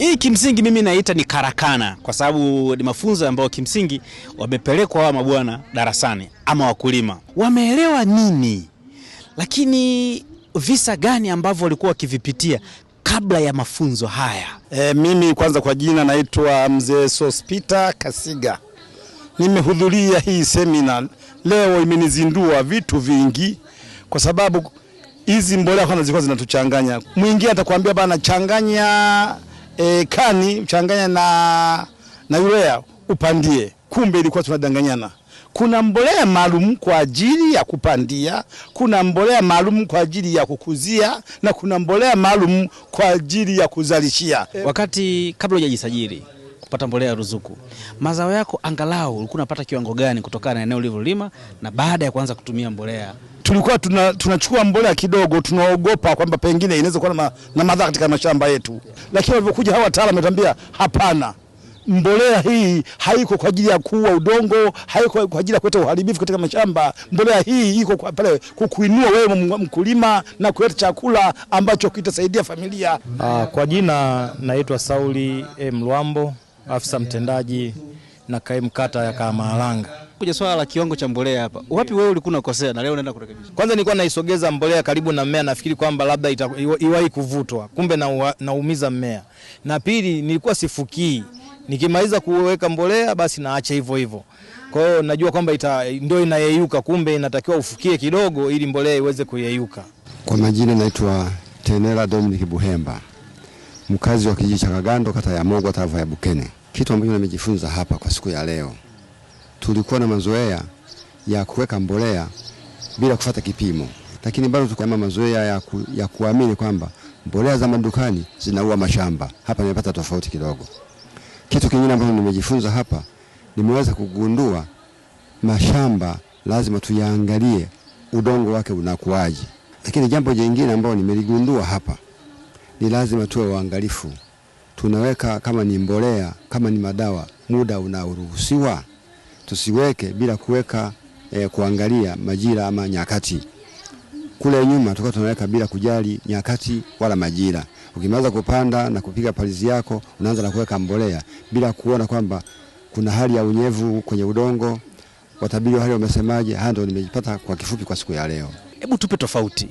Hii kimsingi mimi naita ni karakana, kwa sababu ni mafunzo ambayo kimsingi wamepelekwa hawa mabwana darasani ama wakulima, wameelewa nini, lakini visa gani ambavyo walikuwa wakivipitia kabla ya mafunzo haya. E, mimi kwanza kwa jina naitwa Mzee Sospita Kasiga. Nimehudhuria hii semina leo, imenizindua vitu vingi kwa sababu hizi mbolea kwanza zilikuwa zinatuchanganya. Mwingine atakwambia bana, changanya e, kani uchanganya na, na urea upandie. Kumbe ilikuwa tunadanganyana. Kuna mbolea maalum kwa ajili ya kupandia, kuna mbolea maalum kwa ajili ya kukuzia na kuna mbolea maalum kwa ajili ya kuzalishia. Wakati kabla hujajisajili kupata mbolea ya ruzuku, mazao yako angalau ulikuwa unapata kiwango gani kutokana na eneo ulivyolima na baada ya kuanza kutumia mbolea? Tulikuwa tuna, tunachukua mbolea kidogo, tunaogopa kwamba pengine inaweza kuwa na, na madhara katika mashamba yetu, lakini walivyokuja hawa wataalamu wametuambia hapana, mbolea hii haiko kwa ajili ya kuua udongo, haiko kwa ajili ya kuleta uharibifu katika mashamba. Mbolea hii iko kwa pale kukuinua wewe mkulima na kuleta chakula ambacho kitasaidia familia. Aa, ah, kwa jina naitwa Sauli M. Lwambo afisa mtendaji na kaimu kata ya Kamaalanga. Kuja swala la kiwango cha mbolea hapa, wapi wewe ulikuwa unakosea na leo unaenda kurekebisha? Kwanza nilikuwa naisogeza mbolea karibu na mmea, nafikiri kwamba labda iwahi kuvutwa, kumbe naumiza na mmea. Na pili, nilikuwa sifukii, nikimaliza kuweka mbolea basi naacha hivyo hivyo. Kwa hiyo najua kwamba ita ndio inayeyuka, kumbe inatakiwa ufukie kidogo ili mbolea iweze kuyeyuka. Kwa majina naitwa Tenera Dominic Buhemba mkazi wa kijiji cha Kagando, kata ya Mogwa, tarafa ya Bukene. Kitu ambacho nimejifunza hapa kwa siku ya leo, tulikuwa na mazoea ya kuweka mbolea bila kufata kipimo, lakini bado tukama mazoea ya, ku, ya kuamini kwamba mbolea za madukani zinaua mashamba. Hapa nimepata tofauti kidogo. Kitu kingine ambacho nimejifunza hapa, nimeweza kugundua mashamba lazima tuyaangalie udongo wake unakuaje, lakini jambo jingine ambalo nimeligundua hapa ni lazima tuwe waangalifu. Tunaweka kama ni mbolea, kama ni madawa, muda unaoruhusiwa, tusiweke bila kuweka e, kuangalia majira ama nyakati. Kule nyuma tulikuwa tunaweka bila kujali nyakati wala majira. Ukimaliza kupanda na kupiga palizi yako, unaanza na kuweka mbolea bila kuona kwamba kuna hali ya unyevu kwenye udongo. Watabiri wa hali wamesemaje? Haya ndio nimejipata kwa kifupi kwa siku ya leo. Hebu tupe tofauti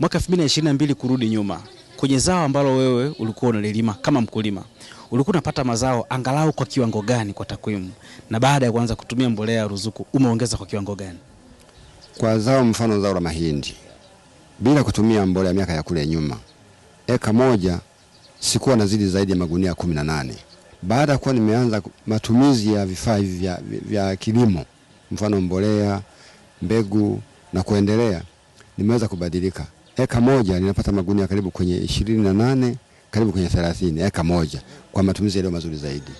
mwaka 2022 kurudi nyuma kwenye zao ambalo wewe ulikuwa unalilima kama mkulima, ulikuwa unapata mazao angalau kwa kiwango gani kwa takwimu, na baada ya kuanza kutumia mbolea ya ruzuku umeongeza kwa kiwango gani kwa zao? Mfano zao la mahindi bila kutumia mbolea miaka ya kule nyuma, eka moja sikuwa nazidi zaidi ya magunia kumi na nane. Baada ya kuwa nimeanza matumizi ya vifaa hivi vya, vya kilimo, mfano mbolea, mbegu na kuendelea, nimeweza kubadilika eka moja ninapata magunia karibu kwenye ishirini na nane karibu kwenye thelathini eka moja kwa matumizi yaliyo mazuri zaidi.